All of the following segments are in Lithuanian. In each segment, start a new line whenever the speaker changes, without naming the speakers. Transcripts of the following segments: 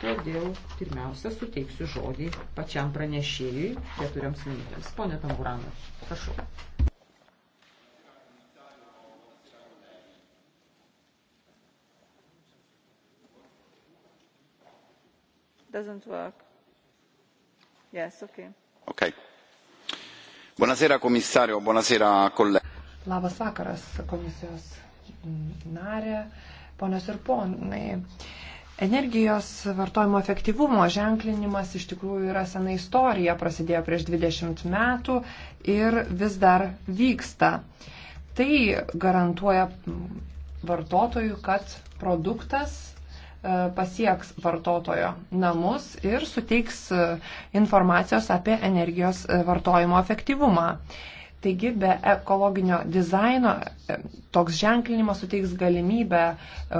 Todėl pirmiausia suteiksiu žodį pačiam pranešėjui keturiams minutėms. Pone Tamburano, prašau. Doesn't work. Yes, okay.
Okay. Buonasera komisario, buonasera collega. Labas vakaras komisijos narė, ponios ir ponai. Energijos vartojimo efektyvumo ženklinimas iš tikrųjų yra sena istorija, prasidėjo prieš 20 metų ir vis dar vyksta. Tai garantuoja vartotojų, kad produktas e, pasieks vartotojo namus ir suteiks e, informacijos apie energijos e, vartojimo efektyvumą. Taigi be ekologinio dizaino e, toks ženklinimas suteiks galimybę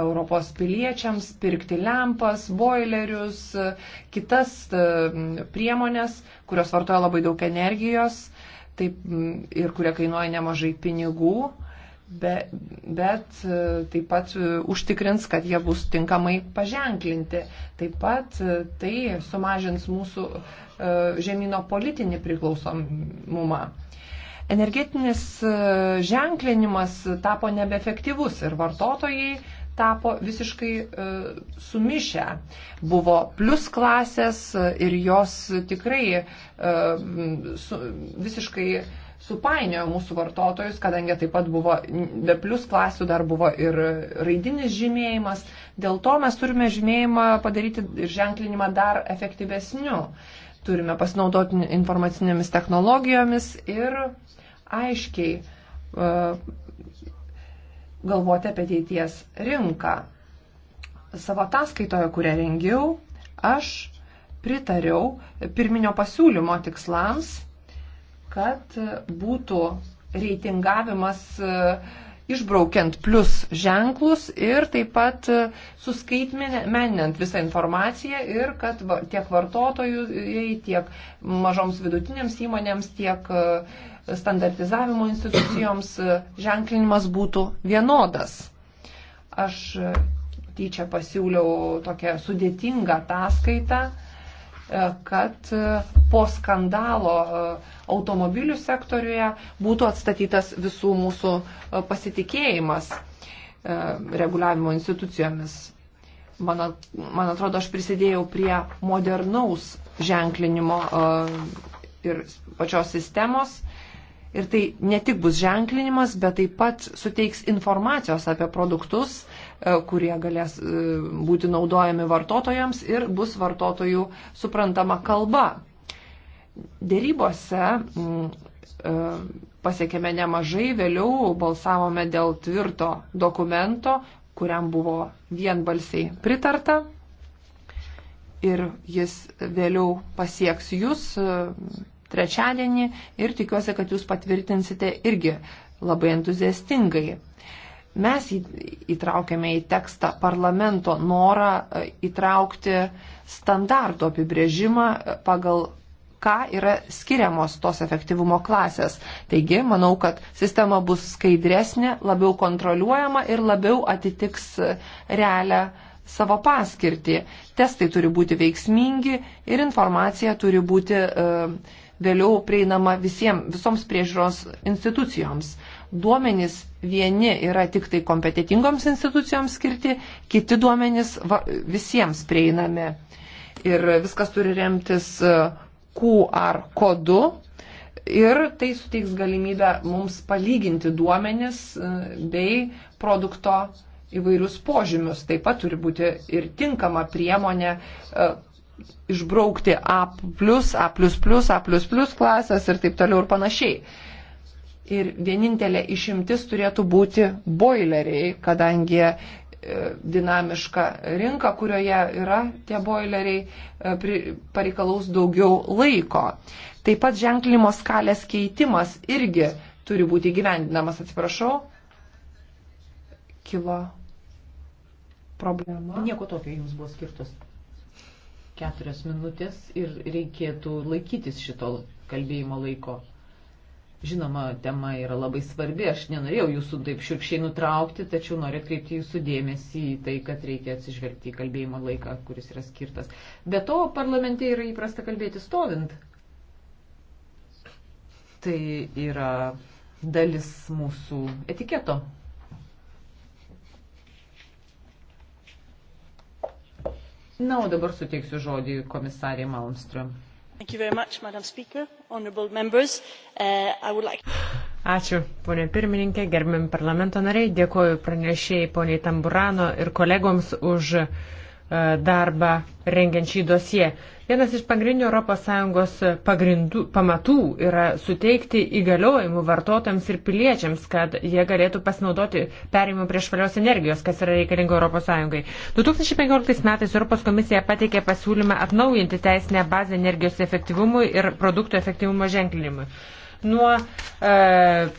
Europos piliečiams pirkti lempas, boilerius, e, kitas e, priemonės, kurios vartoja labai daug energijos taip, ir kurie kainuoja nemažai pinigų, be, bet taip pat užtikrins, kad jie bus tinkamai paženklinti. Taip pat tai sumažins mūsų žemynų politinį priklausomumą energetinis e, ženklinimas tapo nebeefektyvus ir vartotojai tapo visiškai e, sumišę. Buvo plus klasės ir jos tikrai e, su, visiškai supainiojo mūsų vartotojus, kadangi taip pat buvo be plus klasių dar buvo ir raidinis žymėjimas. Dėl to mes turime žymėjimą padaryti ir ženklinimą dar efektyvesniu. Turime pasinaudoti informacinėmis technologijomis ir aiškiai e, galvoti apie ateities rinką. Savo ataskaitoje, kurią rengiau, aš pritariau pirminio pasiūlymo tikslams, kad būtų reitingavimas uh, išbraukiant plus ženklus ir taip pat e, suskaitmeninant visą informaciją ir kad tiek vartotojai, tiek mažoms vidutinėms įmonėms, tiek e, standartizavimo institucijoms e, ženklinimas būtų vienodas. Aš tyčia pasiūliau tokią sudėtingą ataskaitą kad e, po skandalo e, automobilių sektoriuje būtų atstatytas visų mūsų e, pasitikėjimas reguliavimo institucijomis. Man, man atrodo, aš prisidėjau prie modernaus ženklinimo ir pačios sistemos. Ir tai ne tik bus ženklinimas, bet taip pat suteiks informacijos apie produktus, E, kurie galės e, būti naudojami vartotojams ir bus vartotojų suprantama kalba. Dėrybose mm, e, pasiekėme nemažai, vėliau balsavome dėl tvirto dokumento, kuriam buvo vienbalsiai pritarta ir jis vėliau pasieks jūs trečiadienį ir tikiuosi, kad jūs patvirtinsite irgi labai entuziastingai. Mes įtraukėme į tekstą parlamento norą e, įtraukti standartų apibrėžimą, e, pagal ką yra skiriamos tos efektyvumo klasės. Taigi, manau, kad sistema bus skaidresnė, labiau kontroliuojama ir labiau atitiks e, realią savo paskirtį. Testai turi būti veiksmingi ir informacija turi būti e, vėliau prieinama visiems, visoms priežiūros institucijoms duomenys vieni yra tik tai kompetitingoms institucijoms skirti, kiti duomenys va, visiems prieinami. Ir viskas turi remtis e, QR kodu. Ir tai suteiks galimybę mums palyginti duomenis e, bei produkto įvairius požymius. Taip pat turi būti ir tinkama priemonė e, išbraukti A, A, A klasės ir taip toliau ir panašiai. Ir vienintelė išimtis turėtų būti boileriai, kadangi e, dinamiška rinka, kurioje yra tie boileriai, e, pareikalaus daugiau laiko. Taip pat ženklimo skalės keitimas irgi turi būti gyvendinamas, atsiprašau. Kilo
problema. Nieko tokio jums buvo skirtos keturias minutės ir reikėtų laikytis šito kalbėjimo laiko. Žinoma, tema yra labai svarbi, aš nenorėjau jūsų taip širkščiai nutraukti, tačiau noriu atkreipti jūsų dėmesį į tai, kad reikia atsižvelgti į kalbėjimo laiką, kuris yra skirtas. Be to, parlamente yra įprasta kalbėti stovint. Tai yra dalis mūsų etiketo. Na, o dabar suteiksiu žodį komisarė Malmström.
Uh,
Ačiū, ponė pirmininkė, gerbiami parlamento
nariai, dėkoju pranešėjai poniai Tamburano ir kolegoms už E, darbą rengiant šį dosiją. Vienas iš pagrindinių ES pagrindų, pamatų yra suteikti įgaliojimų vartotojams ir piliečiams, kad jie galėtų pasinaudoti perėjimu prie švarios energijos, kas yra reikalinga ES. 2015 metais Europos komisija pateikė pasiūlymą atnaujinti teisinę bazę energijos efektyvumui ir produktų efektyvumo ženklinimui. Nuo e,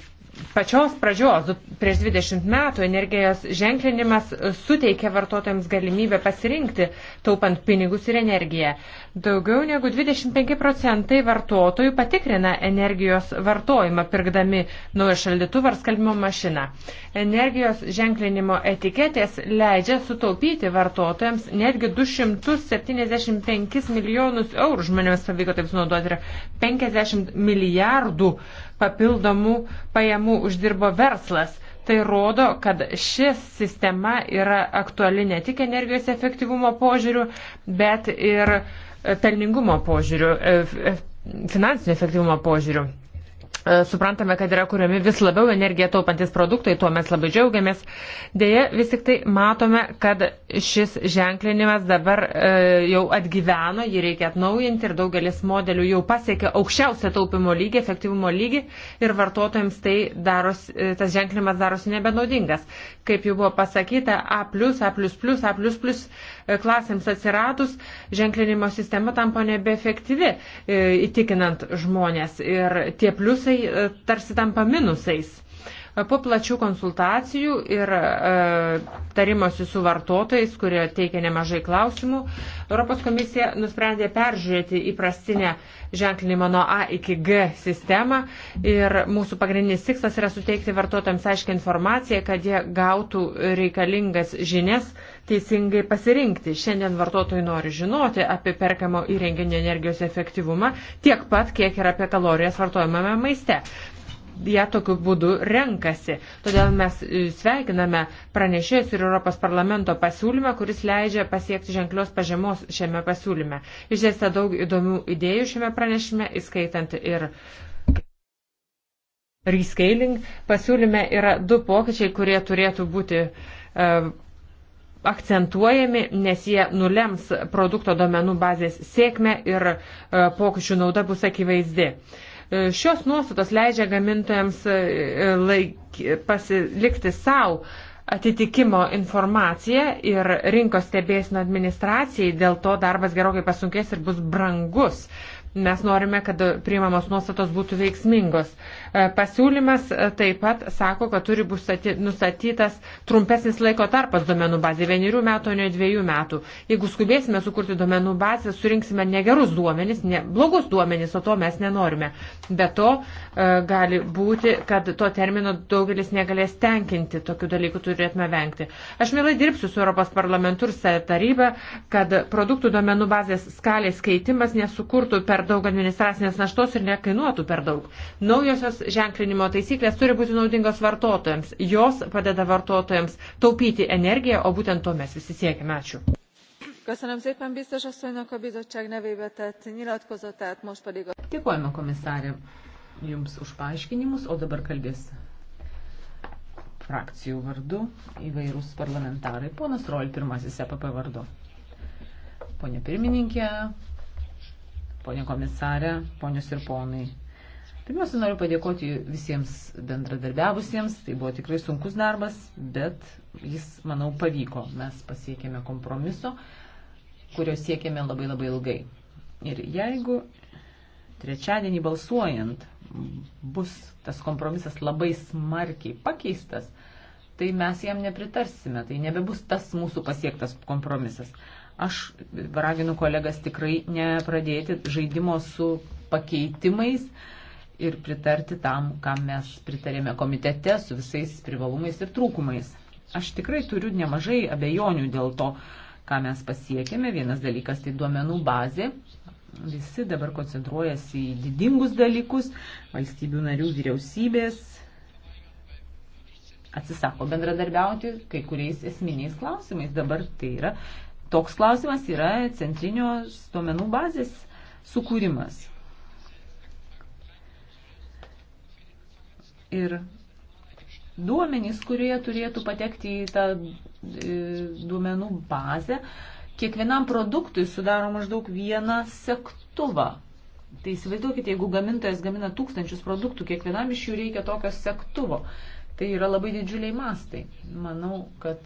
pačios pradžios, prieš 20 metų, energijos ženklinimas e, suteikė vartotojams galimybę pasirinkti, taupant pinigus ir energiją. Daugiau negu 25 procentai vartotojų patikrina energijos vartojimą, pirkdami naują šaldytuvą ar skalbimo mašiną. Energijos ženklinimo etiketės leidžia sutaupyti vartotojams netgi 275 milijonus eurų žmonėms pavyko taip sunaudoti ir 50 milijardų papildomų pajamų uždirbo verslas. Tai rodo, kad ši sistema yra aktuali ne tik energijos efektyvumo požiūrių, bet ir pelningumo požiūrių, e, e, finansinio efektyvumo požiūrių. E, suprantame, kad yra kuriami vis labiau energiją taupantis produktai, tuo mes labai džiaugiamės. Deja, vis tik tai matome, kad šis ženklinimas dabar e, jau atgyveno, jį reikia atnaujinti ir daugelis modelių jau pasiekė aukščiausią taupimo lygį, efektyvumo lygį ir vartotojams tai daros, e, tas ženklinimas darosi nebenaudingas. Kaip jau buvo pasakyta, A, A, A, A E, klasėms atsiradus, ženklinimo sistema tampa nebeefektyvi, e, įtikinant žmonės ir tie pliusai e, tarsi tampa minusais. Po plačių konsultacijų ir e, tarimosi su vartotojais, kurie teikia nemažai klausimų, Europos komisija nusprendė peržiūrėti įprastinę ženklinimo nuo A iki G sistemą ir mūsų pagrindinis tikslas yra suteikti vartotojams aiškę informaciją, kad jie gautų reikalingas žinias teisingai pasirinkti. Šiandien vartotojai nori žinoti apie perkamo įrenginio energijos efektyvumą tiek pat, kiek ir apie kalorijas vartojamame maiste jie ja, tokiu būdu renkasi. Todėl mes e, sveikiname pranešėjus ir Europos parlamento pasiūlymą, kuris leidžia pasiekti ženklios pažemos šiame pasiūlyme. Išdėstė daug įdomių idėjų šiame pranešime, įskaitant ir. Rescaling pasiūlyme yra du pokyčiai, kurie turėtų būti uh, akcentuojami, nes jie nulems produkto domenų bazės sėkmę ir e, pokyčių nauda bus akivaizdi. E, šios nuostatos leidžia gamintojams e, laik, pasilikti savo atitikimo informaciją ir rinkos stebėsino administracijai, dėl to darbas gerokai pasunkės ir bus brangus. Mes norime, kad priimamos nuostatos būtų veiksmingos. E, pasiūlymas e, taip pat sako, kad turi būti nustatytas trumpesnis laiko tarpas duomenų bazė - vienerių metų, o ne dviejų metų. Jeigu skubėsime sukurti duomenų bazę, surinksime negerus duomenys, ne blogus duomenys, o to mes nenorime. Be to e, gali būti, kad to termino daugelis negalės tenkinti. Tokių dalykų turėtume vengti. Aš mielai dirbsiu su Europos parlamentu ir taryba, kad produktų duomenų bazės skalės keitimas nesukurtų per per daug administracinės naštos ir nekainuotų per daug. Naujosios ženklinimo taisyklės turi būti naudingos vartotojams. Jos padeda vartotojams taupyti energiją, o būtent to mes visi siekime. Ačiū.
Köszönöm szépen biztos asszonynak a bizottság nevébe tett nyilatkozatát, most pedig a...
Dėkojame komisarė Jums už paaiškinimus, o dabar kalbės frakcijų vardu įvairūs parlamentarai. Ponas Rol, pirmasis EPP vardu. Pone pirmininkė, ponė komisarė, ponios ir ponai. Pirmiausia, noriu padėkoti visiems bendradarbiavusiems. Tai buvo tikrai sunkus darbas, bet jis, manau, pavyko. Mes pasiekėme kompromiso, kurio siekėme labai labai ilgai. Ir jeigu trečiadienį balsuojant bus tas kompromisas labai smarkiai pakeistas, tai mes jam nepritarsime. Tai nebebus tas mūsų pasiektas kompromisas. Aš raginu kolegas tikrai nepradėti žaidimo su pakeitimais ir pritarti tam, kam mes pritarėme komitete su visais privalumais ir trūkumais. Aš tikrai turiu nemažai abejonių dėl to, ką mes pasiekėme. Vienas dalykas tai duomenų bazė. Visi dabar koncentruojasi į didingus dalykus, valstybių narių vyriausybės atsisako bendradarbiauti kai kuriais esminiais klausimais. Dabar tai yra Toks klausimas yra centrinio duomenų bazės sukūrimas. Ir duomenys, kurie turėtų patekti į tą e, duomenų bazę, kiekvienam produktui sudaro maždaug vieną sektuvą. Tai įsivaizduokite, jeigu gamintojas gamina tūkstančius produktų, kiekvienam iš jų reikia tokio sektuvo. Tai yra labai didžiuliai mastai. Manau, kad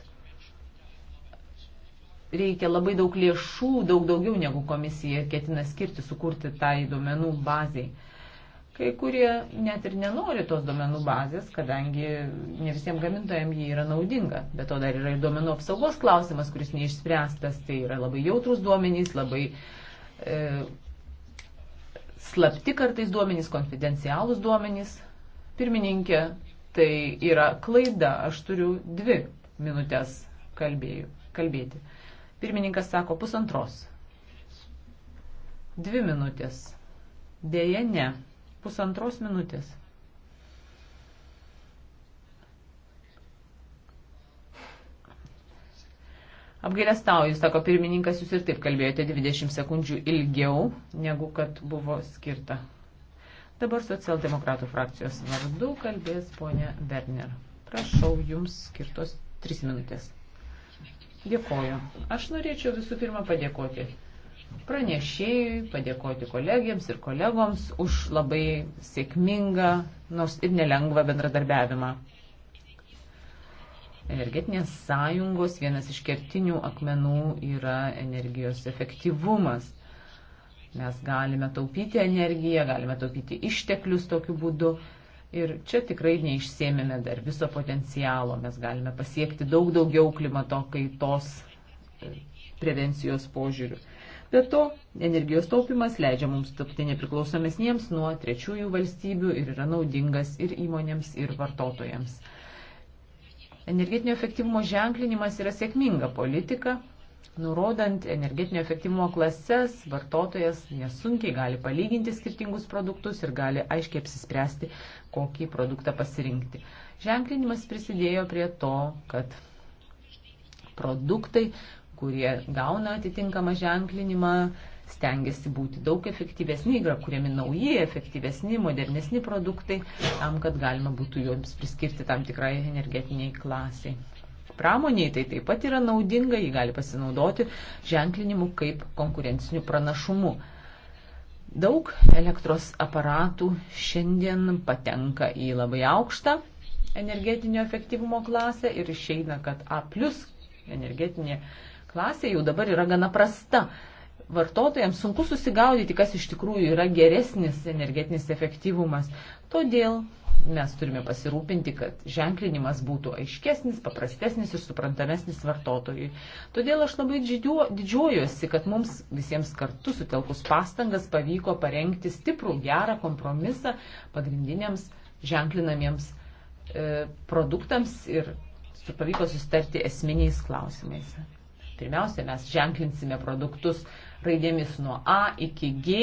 reikia labai daug lėšų, daug daugiau negu komisija ketina skirti sukurti tai duomenų baziai. Kai kurie net ir nenori tos duomenų bazės, kadangi ne visiems gamintojams jie yra naudinga. Bet to dar yra ir duomenų apsaugos klausimas, kuris neišspręstas. Tai yra labai jautrus duomenys, labai e, slapti kartais duomenys, konfidencialūs duomenys. Pirmininkė, tai yra klaida. Aš turiu dvi minutės kalbėjų, kalbėti. Pirmininkas sako pusantros. Dvi minutės. Deja, ne. Pusantros minutės. Apgailestauju, sako pirmininkas, jūs ir taip kalbėjote 20 sekundžių ilgiau, negu kad buvo skirta. Dabar socialdemokratų frakcijos vardu kalbės ponia Werner. Prašau, jums skirtos 3 minutės. Dėkoju. Aš norėčiau visų pirma padėkoti pranešėjui, padėkoti kolegiams ir kolegoms už labai sėkmingą, nors ir nelengvą bendradarbiavimą. Energetinės sąjungos vienas iš kertinių akmenų yra energijos efektyvumas. Mes galime taupyti energiją, galime taupyti išteklius tokiu būdu Ir čia tikrai neišsėmėme dar viso potencialo. Mes galime pasiekti daug daugiau klimato kaitos e, prevencijos požiūrių. Be to, energijos taupimas leidžia mums tapti nepriklausomesniems nuo trečiųjų valstybių ir yra naudingas ir įmonėms, ir vartotojams. Energetinio efektyvumo ženklinimas yra sėkminga politika, Nurodant energetinio efektyvumo klases, vartotojas nesunkiai gali palyginti skirtingus produktus ir gali aiškiai apsispręsti, kokį produktą pasirinkti. Ženklinimas prisidėjo prie to, kad produktai, kurie gauna atitinkamą ženklinimą, stengiasi būti daug efektyvesni, yra kuriami nauji, efektyvesni, modernesni produktai, tam, kad galima būtų joms priskirti tam tikrai energetiniai klasiai pramoniai tai taip pat yra naudinga, jį gali pasinaudoti ženklinimu kaip konkurenciniu pranašumu. Daug elektros aparatų šiandien patenka į labai aukštą energetinio efektyvumo klasę ir išeina, kad A plus energetinė klasė jau dabar yra gana prasta. Vartotojams sunku susigaudyti, kas iš tikrųjų yra geresnis energetinis efektyvumas. Todėl mes turime pasirūpinti, kad ženklinimas būtų aiškesnis, paprastesnis ir suprantamesnis vartotojui. Todėl aš labai didžiuojuosi, kad mums visiems kartu sutelkus pastangas pavyko parengti stiprų, gerą kompromisą pagrindiniams ženklinamiems e, produktams ir su pavyko sustarti esminiais klausimais. Pirmiausia, mes ženklinsime produktus raidėmis nuo A iki G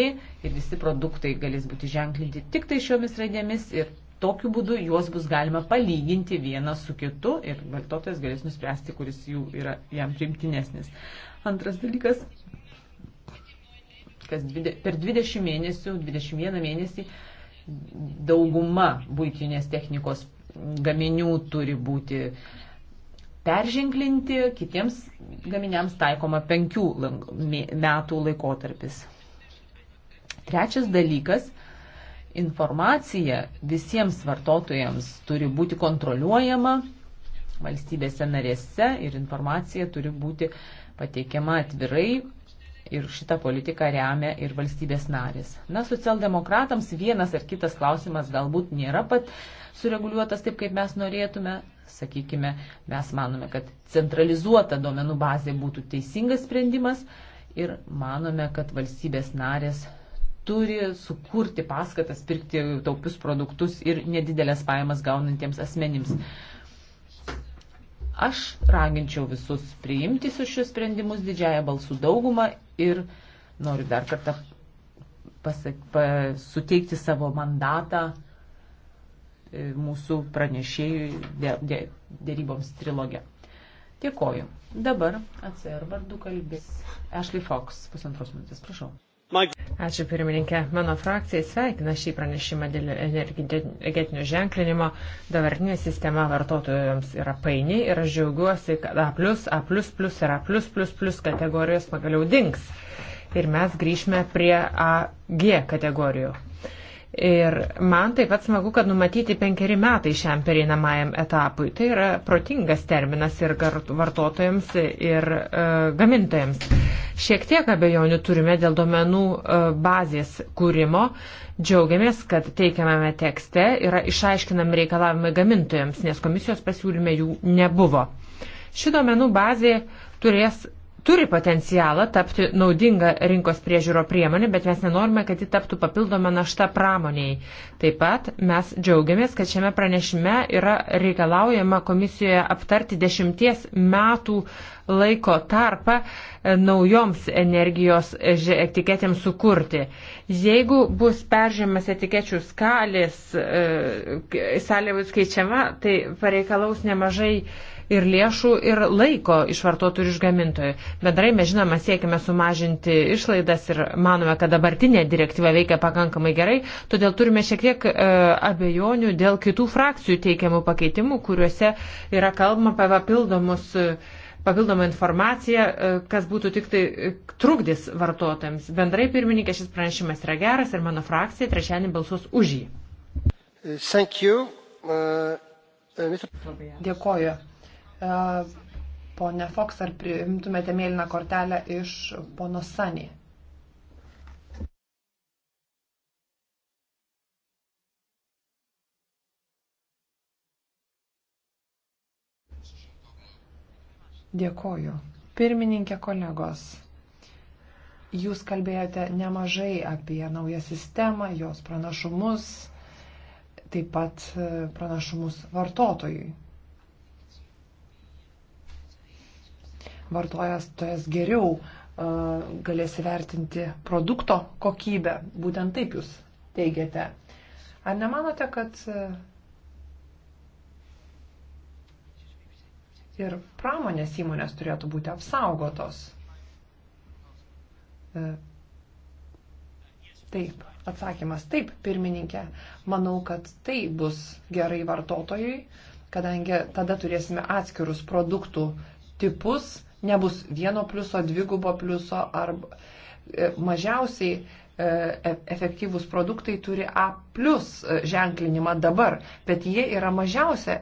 ir visi produktai galės būti ženklinti tik tai šiomis raidėmis ir Tokiu būdu juos bus galima palyginti vieną su kitu ir vartotojas galės nuspręsti, kuris jų yra jam primtinesnis. Antras dalykas, kas dvide, per 20 mėnesių, 21 mėnesį dauguma būtinės technikos gaminių turi būti perženklinti, kitiems gaminiams taikoma penkių metų laikotarpis. Trečias dalykas informacija visiems vartotojams turi būti kontroliuojama valstybėse narėse ir informacija turi būti pateikiama atvirai ir šitą politiką remia ir valstybės narės. Na, socialdemokratams vienas ar kitas klausimas galbūt nėra pat sureguliuotas taip, kaip mes norėtume. Sakykime, mes manome, kad centralizuota duomenų bazė būtų teisingas sprendimas ir manome, kad valstybės narės turi sukurti paskatas pirkti taupius produktus ir nedidelės pajamas gaunantiems asmenims. Aš raginčiau visus priimti su šios sprendimus didžiąją balsų daugumą ir noriu dar kartą pasak, pa, suteikti savo mandatą e, mūsų pranešėjų dėryboms trilogė. Dėkoju. Dabar atsir vardu kalbės Ashley
Fox, pusantros minutės, prašau. Ačiū pirmininkė. Mano frakcija sveikina šį pranešimą dėl energetinio ženklinimo. Dabartinė sistema vartotojams yra paini ir aš džiaugiuosi, kad A, A ir A kategorijos pagaliau dinks. Ir mes grįžime prie AG kategorijų. Ir man taip pat smagu, kad numatyti penkeri metai šiam pereinamajam etapui. Tai yra protingas terminas ir vartotojams, ir e, gamintojams. Šiek tiek abejonių turime dėl duomenų e, bazės kūrimo. Džiaugiamės, kad teikiamame tekste yra išaiškinami reikalavimai gamintojams, nes komisijos pasiūlyme jų nebuvo. Ši duomenų bazė turės turi potencialą tapti naudinga rinkos priežiūro priemonė, bet mes nenorime, kad ji taptų papildoma našta pramoniai. Taip pat mes džiaugiamės, kad šiame pranešime yra reikalaujama komisijoje aptarti dešimties metų laiko tarpą e, naujoms energijos etiketėms sukurti. Jeigu bus peržiamas etikečių skalės, e, sąlyvus keičiama, tai pareikalaus nemažai ir lėšų, ir laiko iš vartotojų ir iš gamintojų. Bendrai mes žinoma siekime sumažinti išlaidas ir manome, kad dabartinė direktyva veikia pakankamai gerai, todėl turime šiek tiek e, abejonių dėl kitų frakcijų teikiamų pakeitimų, kuriuose yra kalbama apie papildomus. E, papildomą informaciją, e, kas būtų tik tai e, trukdys vartotojams. Bendrai, pirmininkė, šis pranešimas yra geras ir mano frakcija trečiadienį balsuos už
jį. Uh, uh, Dėkoju. E, pone Fox, ar priimtumėte mėlyną kortelę iš pono Sanį? Dėkoju. Pirmininkė kolegos, jūs kalbėjote nemažai apie naują sistemą, jos pranašumus, taip pat pranašumus vartotojui. vartojas tojas geriau galės įvertinti produkto kokybę. Būtent taip jūs teigiate. Ar nemanote, kad e, ir pramonės įmonės turėtų būti apsaugotos? E, taip, atsakymas taip, pirmininkė. Manau, kad tai bus gerai vartotojui, kadangi tada turėsime atskirus produktų tipus Nebus vieno pliuso, dvigubo pliuso ar e, mažiausiai e, e, efektyvūs produktai turi A plus ženklinimą dabar, bet jie yra mažiausia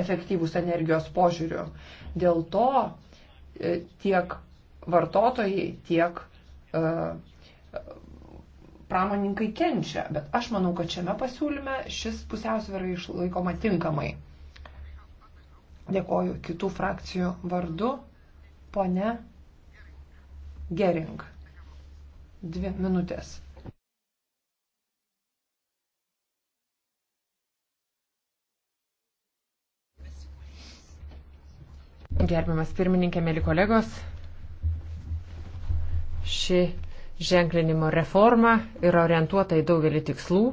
efektyvūs energijos požiūriu. Dėl to tiek vartotojai, tiek pramoninkai kenčia, bet aš manau, kad šiame pasiūlyme šis pusiausvėra išlaikoma tinkamai. Dėkoju kitų frakcijų vardu. Pone Gering. Dvi minutės.
Gerbiamas pirmininkė, mėly kolegos, ši ženklinimo reforma yra orientuota į daugelį tikslų.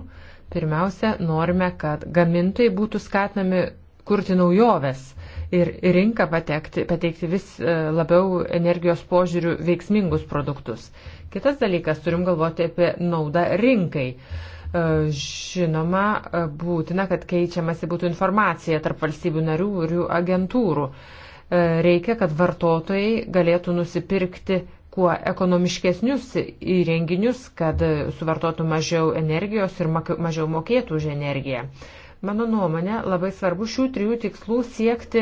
Pirmiausia, norime, kad gamintojai būtų skatinami kurti naujoves ir rinką patekti, pateikti vis e, labiau energijos požiūrių veiksmingus produktus. Kitas dalykas, turim galvoti apie naudą rinkai. E, žinoma, e, būtina, kad keičiamasi būtų informacija tarp valstybių narių ir jų agentūrų. Reikia, kad vartotojai galėtų nusipirkti kuo ekonomiškesnius įrenginius, kad suvartotų mažiau energijos ir mažiau mokėtų už energiją. Mano nuomonė, labai svarbu šių trijų tikslų siekti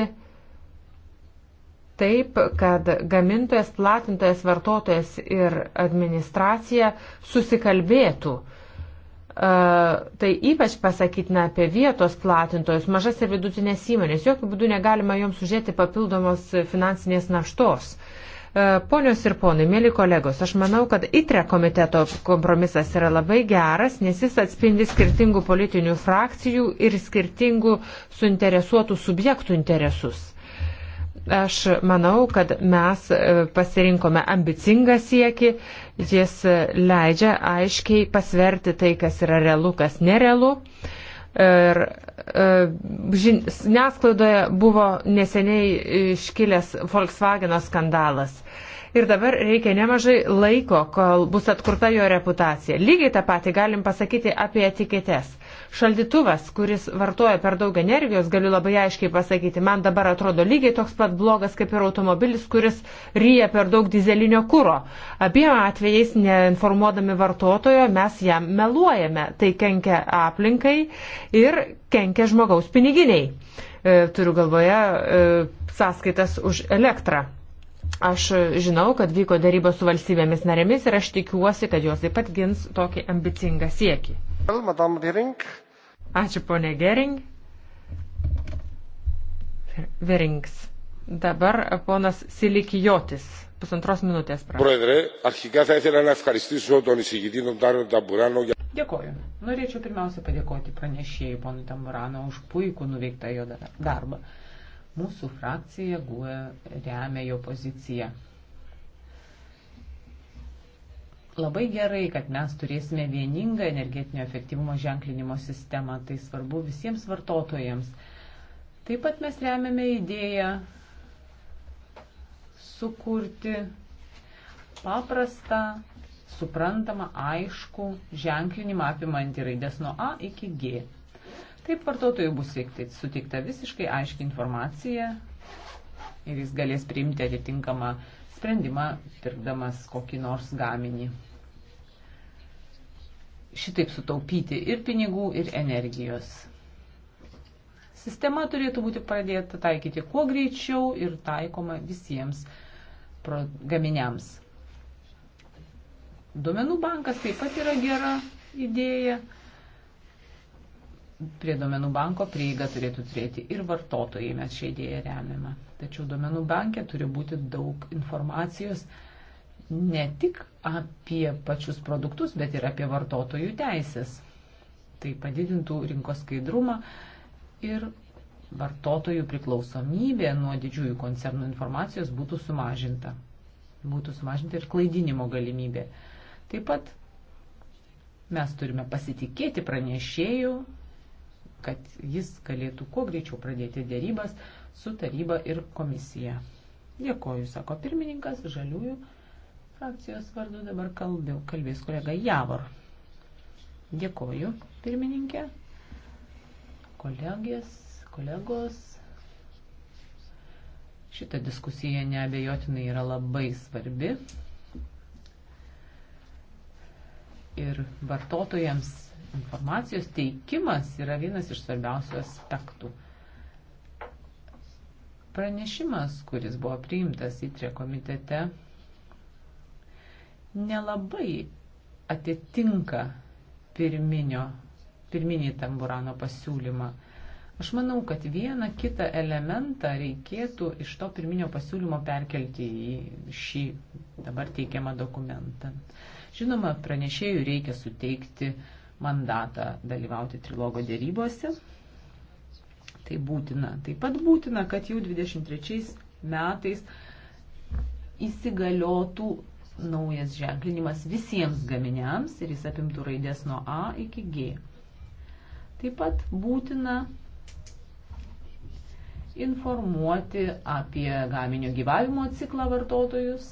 taip, kad gamintojas, platintojas, vartotojas ir administracija susikalbėtų. E, tai ypač pasakytina apie vietos platintojus, mažas ir vidutinės įmonės. Jokių būdų negalima joms užėti papildomos finansinės naštos. E, E, ponios ir ponai, mėly kolegos, aš manau, kad ITRE komiteto kompromisas yra labai geras, nes jis atspindi skirtingų politinių frakcijų ir skirtingų suinteresuotų subjektų interesus. Aš manau, kad mes e, pasirinkome ambicingą siekį, jis leidžia aiškiai pasverti tai, kas yra realu, kas nerealu. Uh, Ir e, žiniasklaidoje buvo neseniai iškilęs Volkswageno skandalas ir dabar reikia nemažai laiko, kol bus atkurta jo reputacija. Lygiai tą patį galim pasakyti apie etiketes. Šaldytuvas, kuris vartoja per daug energijos, galiu labai aiškiai pasakyti, man dabar atrodo lygiai toks pat blogas kaip ir automobilis, kuris ryja per daug dizelinio kūro. Abiem atvejais, neinformuodami vartotojo, mes jam meluojame. Tai kenkia aplinkai ir kenkia žmogaus piniginiai. E, turiu galvoje e, sąskaitas už elektrą. Aš žinau, kad vyko darybos su valstybėmis narėmis ir aš tikiuosi, kad jos taip pat gins tokį ambicingą siekį. Ačiū, ponė Gering. Verings. Dabar ponas Silikijotis. Pusantros minutės, prašau.
Dėkoju. Norėčiau pirmiausia padėkoti pranešėjai ponui Tamburano už puikų nuveiktą jo darbą. Mūsų frakcija GUE remia jo poziciją. Labai gerai, kad mes turėsime vieningą energetinio efektyvumo ženklinimo sistemą, tai svarbu visiems vartotojams. Taip pat mes remiame idėją sukurti paprastą, suprantamą, aišku ženklinimą apimantį raidės nuo A iki G. Taip vartotojui bus suteikta visiškai aiški informacija ir jis galės priimti atitinkamą sprendimą, pirkdamas kokį nors gaminį. Šitaip sutaupyti ir pinigų, ir energijos. Sistema turėtų būti pradėta taikyti kuo greičiau ir taikoma visiems gaminiams. Duomenų bankas taip pat yra gera idėja prie duomenų banko prieigą turėtų turėti ir vartotojai, mes šią idėją remiame. Tačiau duomenų bankė turi būti daug informacijos ne tik apie pačius produktus, bet ir apie vartotojų teisės. Tai padidintų rinkos skaidrumą ir vartotojų priklausomybė nuo didžiųjų koncernų informacijos būtų sumažinta. Būtų sumažinta ir klaidinimo galimybė. Taip pat mes turime pasitikėti pranešėjų kad jis galėtų kuo greičiau pradėti dėrybas su taryba ir komisija. Dėkoju, sako pirmininkas, žaliųjų frakcijos vardu dabar kalbėjau, kalbės kolega Javor. Dėkoju, pirmininkė, kolegės, kolegos. Šita diskusija neabejotinai yra labai svarbi. Ir vartotojams informacijos teikimas yra vienas iš svarbiausių aspektų. Pranešimas, kuris buvo priimtas įtrė komitete, nelabai atitinka pirminio, pirminį tamburano pasiūlymą. Aš manau, kad vieną kitą elementą reikėtų iš to pirminio pasiūlymo perkelti į šį dabar teikiamą dokumentą. Žinoma, pranešėjų reikia suteikti uh, mandatą dalyvauti trilogo dėrybose. Tai būtina. Taip pat būtina, kad jau 23 metais įsigaliotų naujas ženklinimas visiems gaminiams ir jis apimtų raidės nuo A iki G. Taip pat būtina informuoti apie gaminio gyvavimo ciklą vartotojus,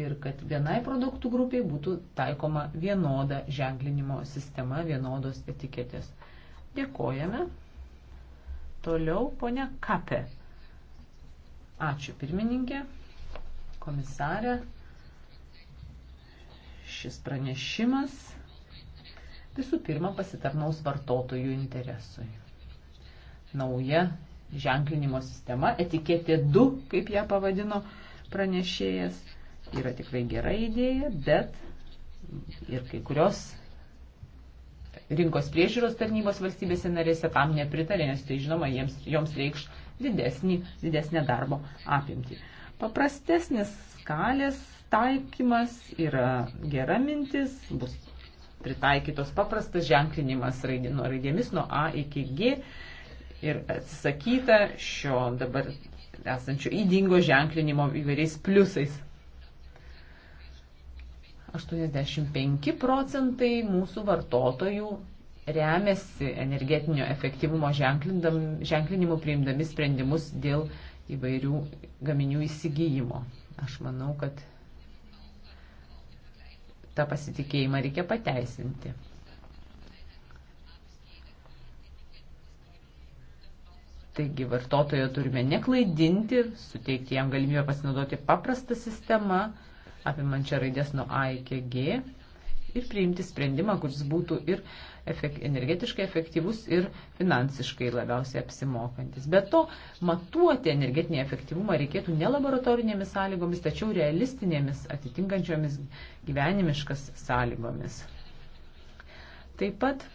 ir kad vienai produktų grupiai būtų taikoma vienoda ženklinimo sistema, vienodos etiketės. Dėkojame. Toliau ponia Kape. Ačiū pirmininkė, komisarė. Šis pranešimas visų pirma pasitarnaus vartotojų interesui. Nauja ženklinimo sistema, etiketė 2, kaip ją pavadino pranešėjas, yra tikrai gera idėja, bet ir kai kurios rinkos priežiūros tarnybos valstybėse narėse tam nepritarė, nes tai žinoma, jiems, joms reikš didesnį, didesnę darbo apimtį. Paprastesnis skalės taikymas yra gera mintis, bus pritaikytos paprastas ženklinimas raidė, nuo raidėmis nuo A iki G ir atsisakyta šio dabar esančio įdingo ženklinimo įvairiais pliusais 85 procentai mūsų vartotojų remiasi energetinio efektyvumo ženklinimu priimdami sprendimus dėl įvairių gaminių įsigijimo. Aš manau, kad tą pasitikėjimą reikia pateisinti. Taigi vartotojo turime neklaidinti, suteikti jam galimybę pasinaudoti paprastą sistemą apimančią raidės nuo A iki G ir priimti sprendimą, kuris būtų ir efek energetiškai efektyvus ir finansiškai labiausiai apsimokantis. Be to, matuoti energetinį efektyvumą reikėtų ne laboratorinėmis sąlygomis, tačiau realistinėmis atitinkančiomis gyvenimiškas sąlygomis. Taip pat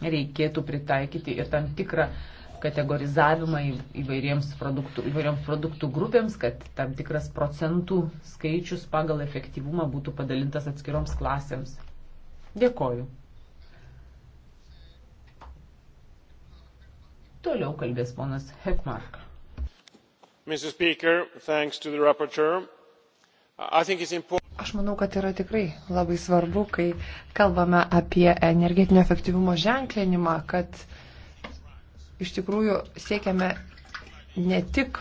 reikėtų pritaikyti ir tam tikrą uh, kategorizavimą įvairiems produktų, įvairioms produktų grupėms, kad tam tikras procentų skaičius pagal efektyvumą būtų padalintas atskiroms klasėms. Dėkoju.
Toliau kalbės ponas Hekmark. Aš manau, kad yra tikrai labai svarbu, kai kalbame apie energetinio efektyvumo ženklinimą, kad uh, iš tikrųjų siekiame ne tik,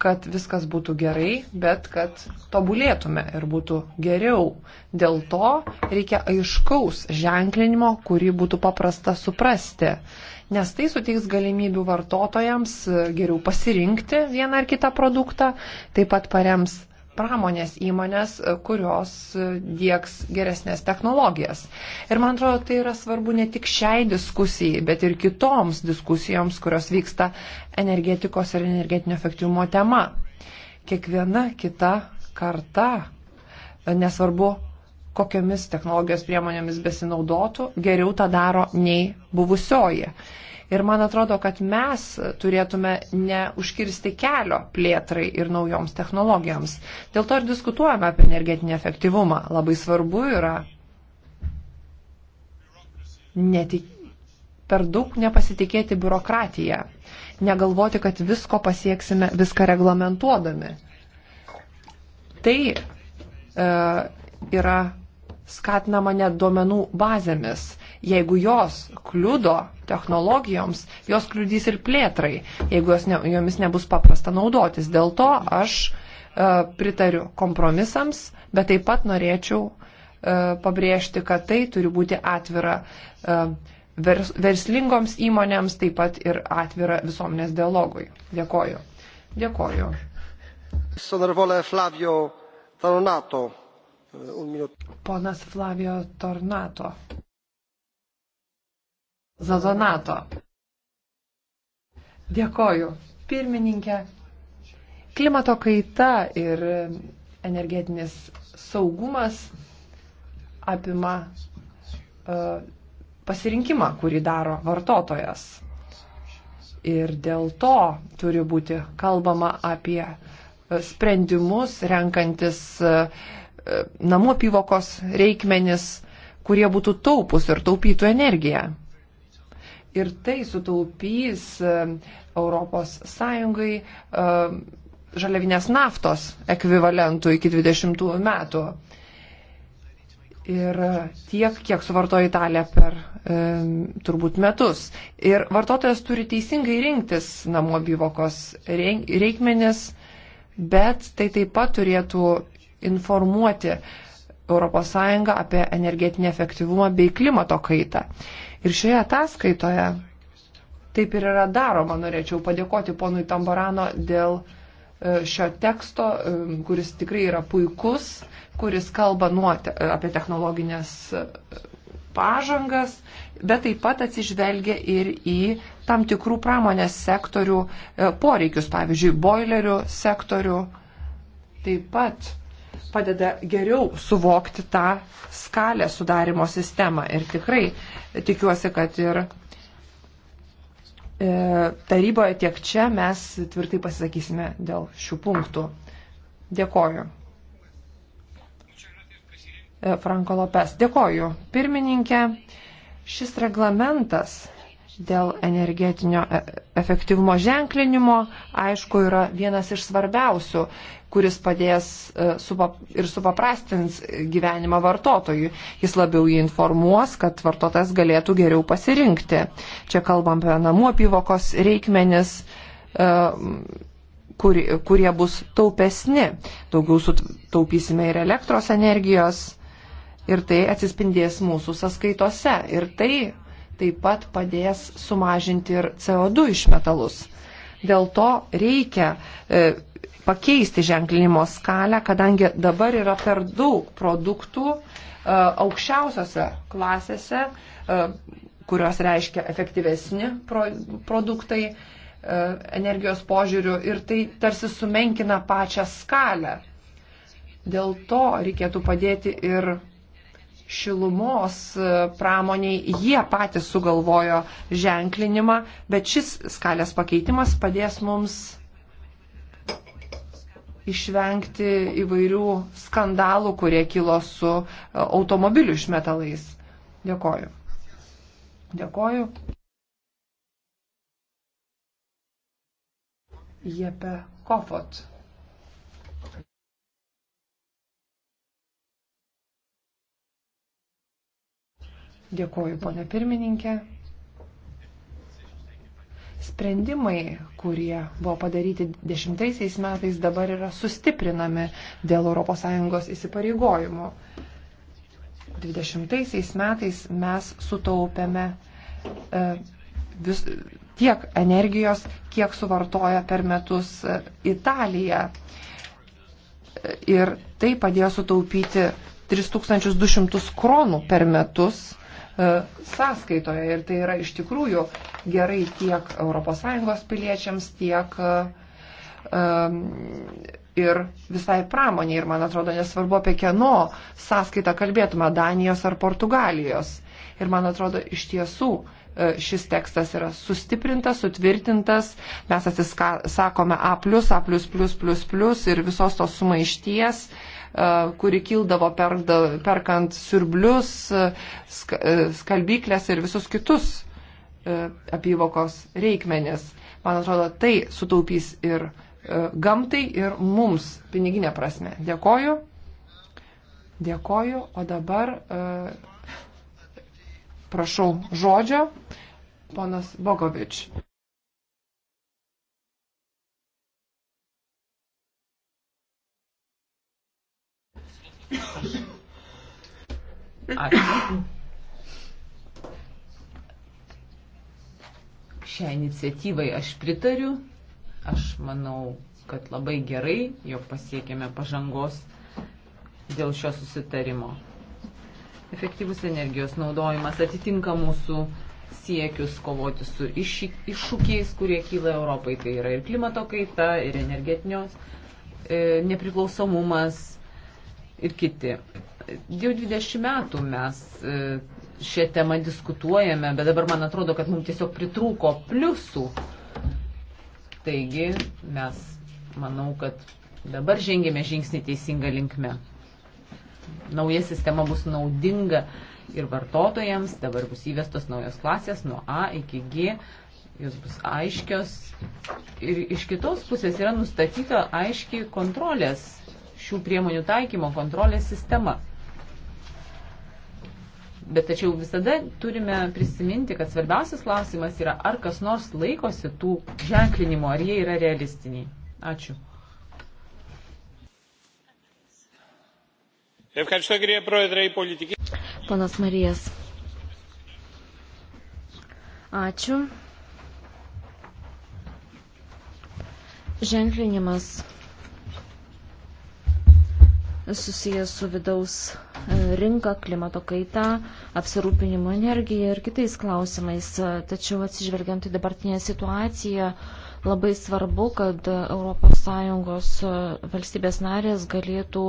kad viskas būtų gerai, bet kad tobulėtume ir būtų geriau. Dėl to reikia aiškaus ženklinimo, kurį būtų paprasta suprasti, nes tai suteiks galimybių vartotojams geriau pasirinkti vieną ar kitą produktą, taip pat parems pramonės įmonės, e, kurios e, dieks geresnės technologijas. Ir man atrodo, tai yra svarbu ne tik šiai diskusijai, bet ir kitoms diskusijoms, kurios vyksta energetikos ir energetinio efektyvumo tema. Kiekviena kita karta, e, nesvarbu, kokiomis technologijos priemonėmis besinaudotų, geriau tą daro nei buvusioji. Ir man atrodo, kad mes turėtume neužkirsti kelio plėtrai ir naujoms technologijoms. Dėl to ir diskutuojame apie energetinį efektyvumą. Labai svarbu yra netik, per daug nepasitikėti biurokratiją, negalvoti, kad visko pasieksime, viską reglamentuodami. Tai e, yra skatinama net duomenų bazėmis. Jeigu jos kliudo technologijoms, jos kliudys ir plėtrai, jeigu ne, jomis nebus paprasta naudotis. Dėl to aš e, pritariu kompromisams, bet taip pat norėčiau e, pabrėžti, kad tai turi būti atvira e, vers, verslingoms įmonėms, taip pat ir atvira visuomenės dialogui. Dėkoju. Dėkoju. Ponas Flavio Tornato. Zazonato. Dėkoju, pirmininkė. Klimato kaita ir energetinis saugumas apima uh, pasirinkimą, kurį daro vartotojas. Ir dėl to turi būti kalbama apie e, sprendimus, renkantis uh, namų apyvokos reikmenis, kurie būtų taupus ir taupytų energiją ir tai sutaupys ES e, žaliavinės naftos ekvivalentų iki 20 metų. Ir tiek, kiek suvartoja Italija per e, turbūt metus. Ir vartotojas turi teisingai rinktis namų apyvokos reikmenis, bet tai taip pat turėtų informuoti ES apie energetinį efektyvumą bei klimato kaitą. Ir šioje ataskaitoje taip ir yra daroma. Norėčiau padėkoti ponui Tambarano dėl e, šio teksto, e, kuris tikrai yra puikus, kuris kalba nuo, e, apie technologinės pažangas, bet taip pat atsižvelgia ir į tam tikrų pramonės sektorių poreikius, pavyzdžiui, boilerių sektorių. Taip pat padeda geriau suvokti tą skalę sudarimo sistemą. Ir tikrai tikiuosi, kad ir e, taryboje tiek čia mes tvirtai pasisakysime dėl šių punktų. Dėkoju. E, Franko Lopes. Dėkoju. Pirmininkė, šis reglamentas dėl energetinio e, efektyvumo ženklinimo, aišku, yra vienas iš svarbiausių, kuris padės e, ir supaprastins gyvenimą vartotojui. Jis labiau jį informuos, kad vartotojas galėtų geriau pasirinkti. Čia kalbam apie namų apyvokos reikmenis, e, kur, kurie bus taupesni. Daugiau sutaupysime ir elektros energijos. Ir tai atsispindės mūsų sąskaitose. Ir tai taip pat padės sumažinti ir CO2 išmetalus. Dėl to reikia e, pakeisti ženklinimo skalę, kadangi dabar yra per daug produktų e, aukščiausiose klasėse, e, kurios reiškia efektyvesni pro, produktai e, energijos požiūrių ir tai tarsi sumenkina pačią skalę. Dėl to reikėtų padėti ir šilumos e, pramoniai, jie patys sugalvojo ženklinimą, bet šis skalės pakeitimas padės mums išvengti įvairių skandalų, kurie kilo su e, automobilių išmetalais. Dėkoju. Dėkoju. Jepe Kofot. Dėkoju, ponė pirmininkė. Sprendimai, kurie buvo padaryti dešimtaisiais metais, dabar yra sustiprinami dėl ES įsipareigojimų. 20 metais mes sutaupėme e, vis, tiek energijos, kiek suvartoja per metus e, Italija. E, ir tai padėjo sutaupyti 3200 kronų per metus E, sąskaitoje. Ir tai yra iš tikrųjų gerai tiek ES piliečiams, tiek e, e, ir visai pramoniai. Ir man atrodo, nesvarbu apie kieno sąskaitą kalbėtume, Danijos ar Portugalijos. Ir man atrodo, iš tiesų šis tekstas yra sustiprintas, sutvirtintas, mes atsisakome A, A, ir visos tos sumaišties. Uh, kuri kildavo perkant siurblius, skalbyklės ir visus kitus apyvokos reikmenis. Man atrodo, tai sutaupys ir gamtai, ir mums piniginė prasme. Dėkoju. Dėkoju. O dabar prašau žodžio, ponas Bogovič.
Ačiū. Šią iniciatyvai aš pritariu. Aš manau, kad labai gerai, jog pasiekėme pažangos dėl šio susitarimo. Efektyvus energijos naudojimas atitinka mūsų siekius kovoti su iššūkiais, kurie kyla Europai. Tai yra ir klimato kaita, ir energetinios e, nepriklausomumas, ir kiti. Jau 20 metų mes e, šią temą diskutuojame, bet dabar man atrodo, kad mums tiesiog pritrūko pliusų. Taigi mes, manau, kad dabar žengėme žingsnį teisingą linkmę. Nauja sistema bus naudinga ir vartotojams, dabar bus įvestos naujos klasės nuo A iki G, jos bus aiškios. Ir iš kitos pusės yra nustatyta aiški kontrolės šių priemonių taikymo kontrolės sistema. Bet tačiau visada turime prisiminti, kad svarbiausias klausimas yra, ar kas nors laikosi tų ženklinimo, ar jie yra realistiniai. Ačiū.
Panas Marijas. Ačiū. Ženklinimas susijęs su vidaus e, rinka, klimato kaita, apsirūpinimu energija ir kitais klausimais. Tačiau atsižvelgiant į dabartinę situaciją, labai svarbu, kad ES e, valstybės narės galėtų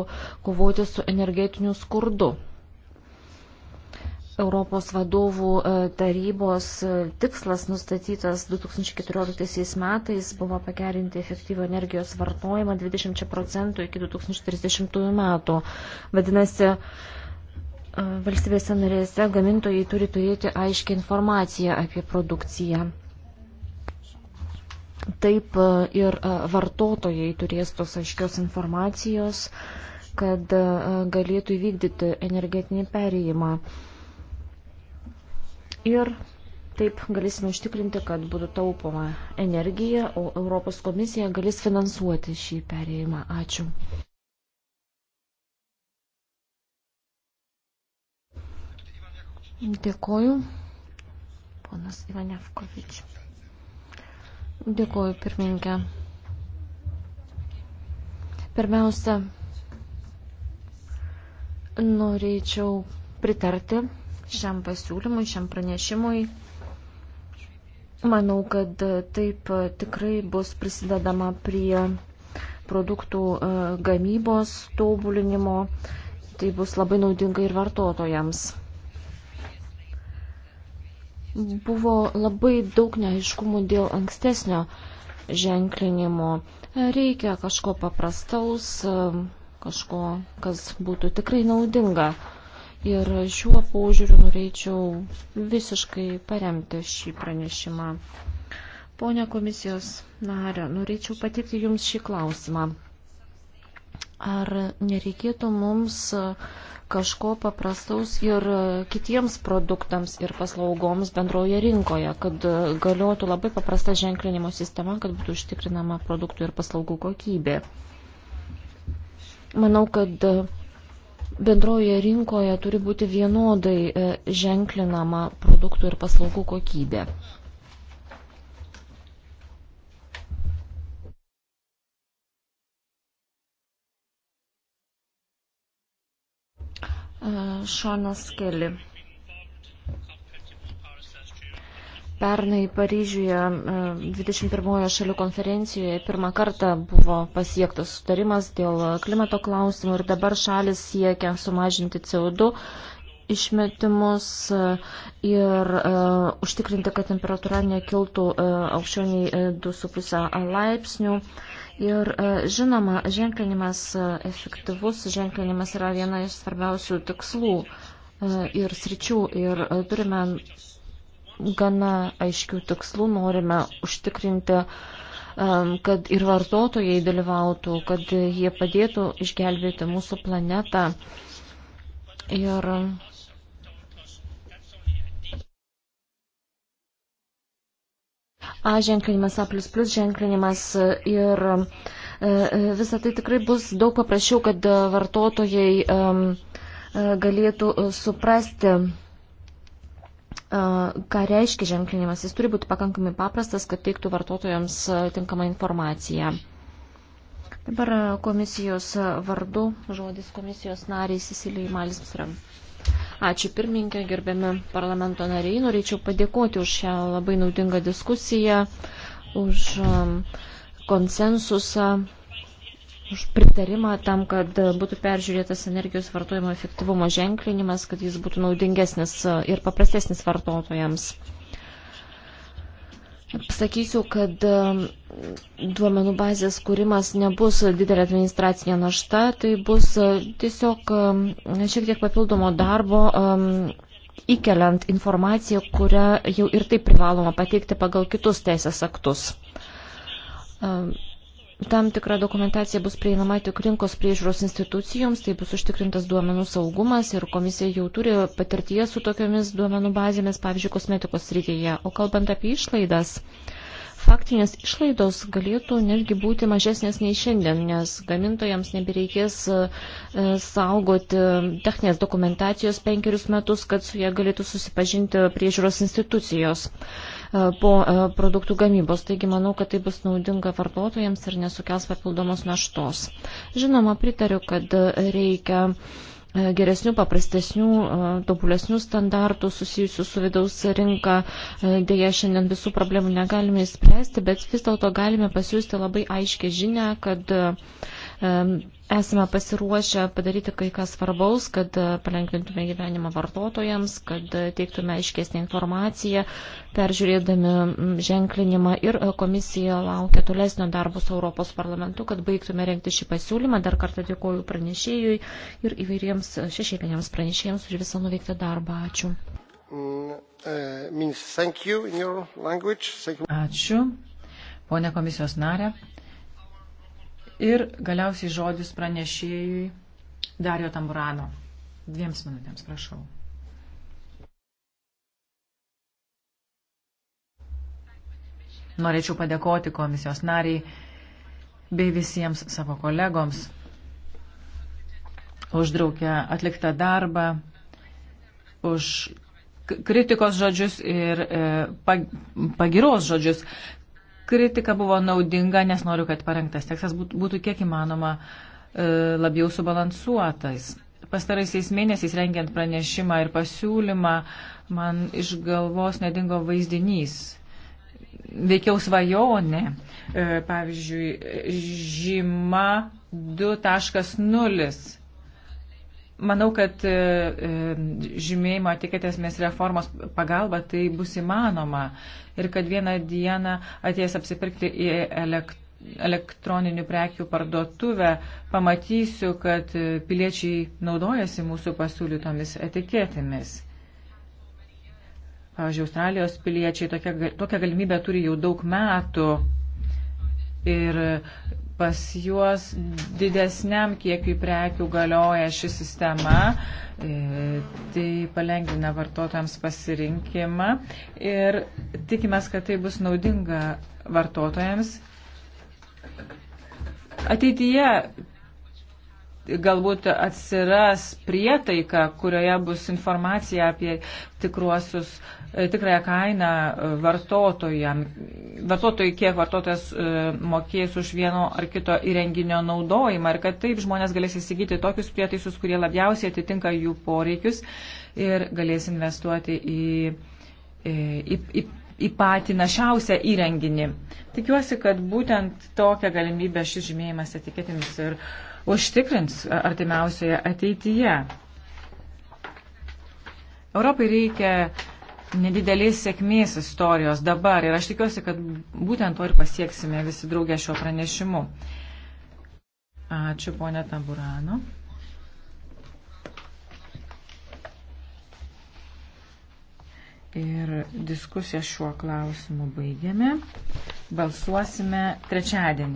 kovoti su energetiniu skurdu. Europos vadovų e, tarybos e, tikslas nustatytas 2014 metais buvo pagerinti efektyvų energijos vartojimą 20 procentų iki 2030 metų. Vadinasi, e, valstybėse narėse gamintojai turi turėti aiškiai informaciją apie produkciją. Taip ir vartotojai turės tos aiškios informacijos, kad galėtų įvykdyti energetinį perėjimą ir taip galėsime užtikrinti, kad būtų taupoma energija, o Europos komisija galės finansuoti šį perėjimą. Ačiū. Dėkoju. Ponas Ivanevkovič. Dėkoju, pirmininkė. Pirmiausia, norėčiau pritarti šiam pasiūlymui, šiam pranešimui. Manau, kad taip tikrai bus prisidedama prie produktų e, gamybos tobulinimo. Tai bus labai naudinga ir vartotojams. Buvo labai daug neaiškumų dėl ankstesnio ženklinimo. Reikia kažko paprastaus, e, kažko, kas būtų tikrai naudinga. Ir šiuo požiūriu norėčiau visiškai paremti šį pranešimą. Pone komisijos nario, norėčiau patikti Jums šį klausimą. Ar nereikėtų mums kažko paprastaus ir kitiems produktams ir paslaugoms bendroje rinkoje, kad galiotų labai paprasta ženklinimo sistema, kad būtų užtikrinama produktų ir paslaugų kokybė. Manau, kad bendroje rinkoje turi būti vienodai e, ženklinama produktų ir paslaugų kokybė. E, Šonas Keli. Pernai Paryžiuje 21 e, šalių konferencijoje pirmą kartą buvo pasiektas sutarimas dėl klimato klausimų ir dabar šalis siekia sumažinti CO2 išmetimus e, ir e, užtikrinti, kad temperatūra nekiltų aukščiau nei 2,5 laipsnių. Ir žinoma, ženklinimas, efektyvus ženklinimas yra viena iš svarbiausių tikslų ir sričių ir turime gana aiškių tikslų, norime užtikrinti, um, kad ir vartotojai dalyvautų, kad jie padėtų išgelbėti mūsų planetą. Ir A ženklinimas, A ženklinimas ir um, visą tai tikrai bus daug paprasčiau, kad vartotojai um, galėtų uh, suprasti ką reiškia ženklinimas. Jis turi būti pakankamai paprastas, kad teiktų vartotojams tinkamą informaciją. Dabar komisijos vardu žodis komisijos nariai Sisilijai Malmström. Ačiū pirmininkė, gerbiami parlamento nariai. Norėčiau padėkoti už šią labai naudingą diskusiją, už konsensusą už pritarimą tam, kad būtų peržiūrėtas energijos vartojimo efektyvumo ženklinimas, kad jis būtų naudingesnis ir paprastesnis vartotojams. Sakysiu, kad um, duomenų bazės kūrimas nebus didelė administracinė našta, tai bus uh, tiesiog um, šiek tiek papildomo darbo um, įkeliant informaciją, kurią jau ir taip privaloma pateikti pagal kitus teisės aktus. Tam tikra dokumentacija bus prieinama tik rinkos priežiūros institucijoms, tai bus užtikrintas duomenų saugumas ir komisija jau turi patirties su tokiomis duomenų bazėmis, pavyzdžiui, kosmetikos srityje. O kalbant apie išlaidas, faktinės išlaidos galėtų netgi būti mažesnės nei šiandien, nes gamintojams nebereikės e, e, saugoti techninės dokumentacijos penkerius metus, kad su jie galėtų susipažinti priežiūros institucijos. E, po e, produktų gamybos. Taigi manau, kad tai bus naudinga vartotojams ir nesukels papildomos naštos. Žinoma, pritariu, kad reikia e, geresnių, paprastesnių, tobulesnių standartų susijusių su vidaus rinka. Deja, šiandien visų problemų negalime įspręsti, bet vis dėlto galime pasiūsti labai aiškę žinę, kad uh, Esame pasiruošę padaryti kai ką svarbaus, kad e, palengvintume gyvenimą vartotojams, kad e, teiktume aiškesnį informaciją, peržiūrėdami ženklinimą ir e, komisija laukia tolesnio darbo su Europos parlamentu, kad baigtume renkti šį pasiūlymą. Dar kartą dėkoju pranešėjui ir įvairiems šešėliniams pranešėjams už visą nuveiktą darbą. Ačiū.
Mm,
Ačiū. Pone komisijos narė. Ir galiausiai žodis pranešėjui Dario Tamburano. Dviems minutėms, prašau. Norėčiau padėkoti komisijos nariai bei visiems savo kolegoms už draukę atliktą darbą, už kritikos žodžius ir e, pagiros žodžius kritika buvo naudinga, nes noriu, kad parengtas tekstas būtų kiek įmanoma e, labiau subalansuotas. Pastaraisiais mėnesiais rengiant pranešimą ir pasiūlymą, man iš galvos nedingo vaizdinys. Veikiau svajonė, e, pavyzdžiui, žyma 2.0 Manau, kad e, e, žymėjimo etiketės mes reformos pagalba tai bus įmanoma ir kad vieną dieną atėjęs apsipirkti į elektroninių prekių parduotuvę, pamatysiu, kad e, piliečiai naudojasi mūsų pasiūlytomis etiketėmis. Pavyzdžiui, Australijos piliečiai tokią, tokią galimybę turi jau daug metų ir pas juos didesniam kiekiui prekių galioja ši sistema, e, tai palengvina vartotojams pasirinkimą ir tikimės, kad tai bus naudinga vartotojams. Ateityje galbūt atsiras prietaika, kurioje bus informacija apie tikruosius uh, E, tikrąją kainą vartotojai, kiek vartotojas e, mokės už vieno ar kito įrenginio naudojimą ir kad taip žmonės galės įsigyti tokius prietaisus, kurie labiausiai atitinka jų poreikius ir galės investuoti į, e, į, į, į patį našiausią įrenginį. Tikiuosi, kad būtent tokią galimybę šis žymėjimas etiketėmis ir užtikrins artimiausioje ateityje. Europai reikia nedidelės sėkmės istorijos dabar ir aš tikiuosi, kad būtent to ir pasieksime visi draugė šiuo pranešimu. Ačiū, ponė Tamburano. Ir diskusiją šiuo klausimu baigiame. Balsuosime trečiadienį.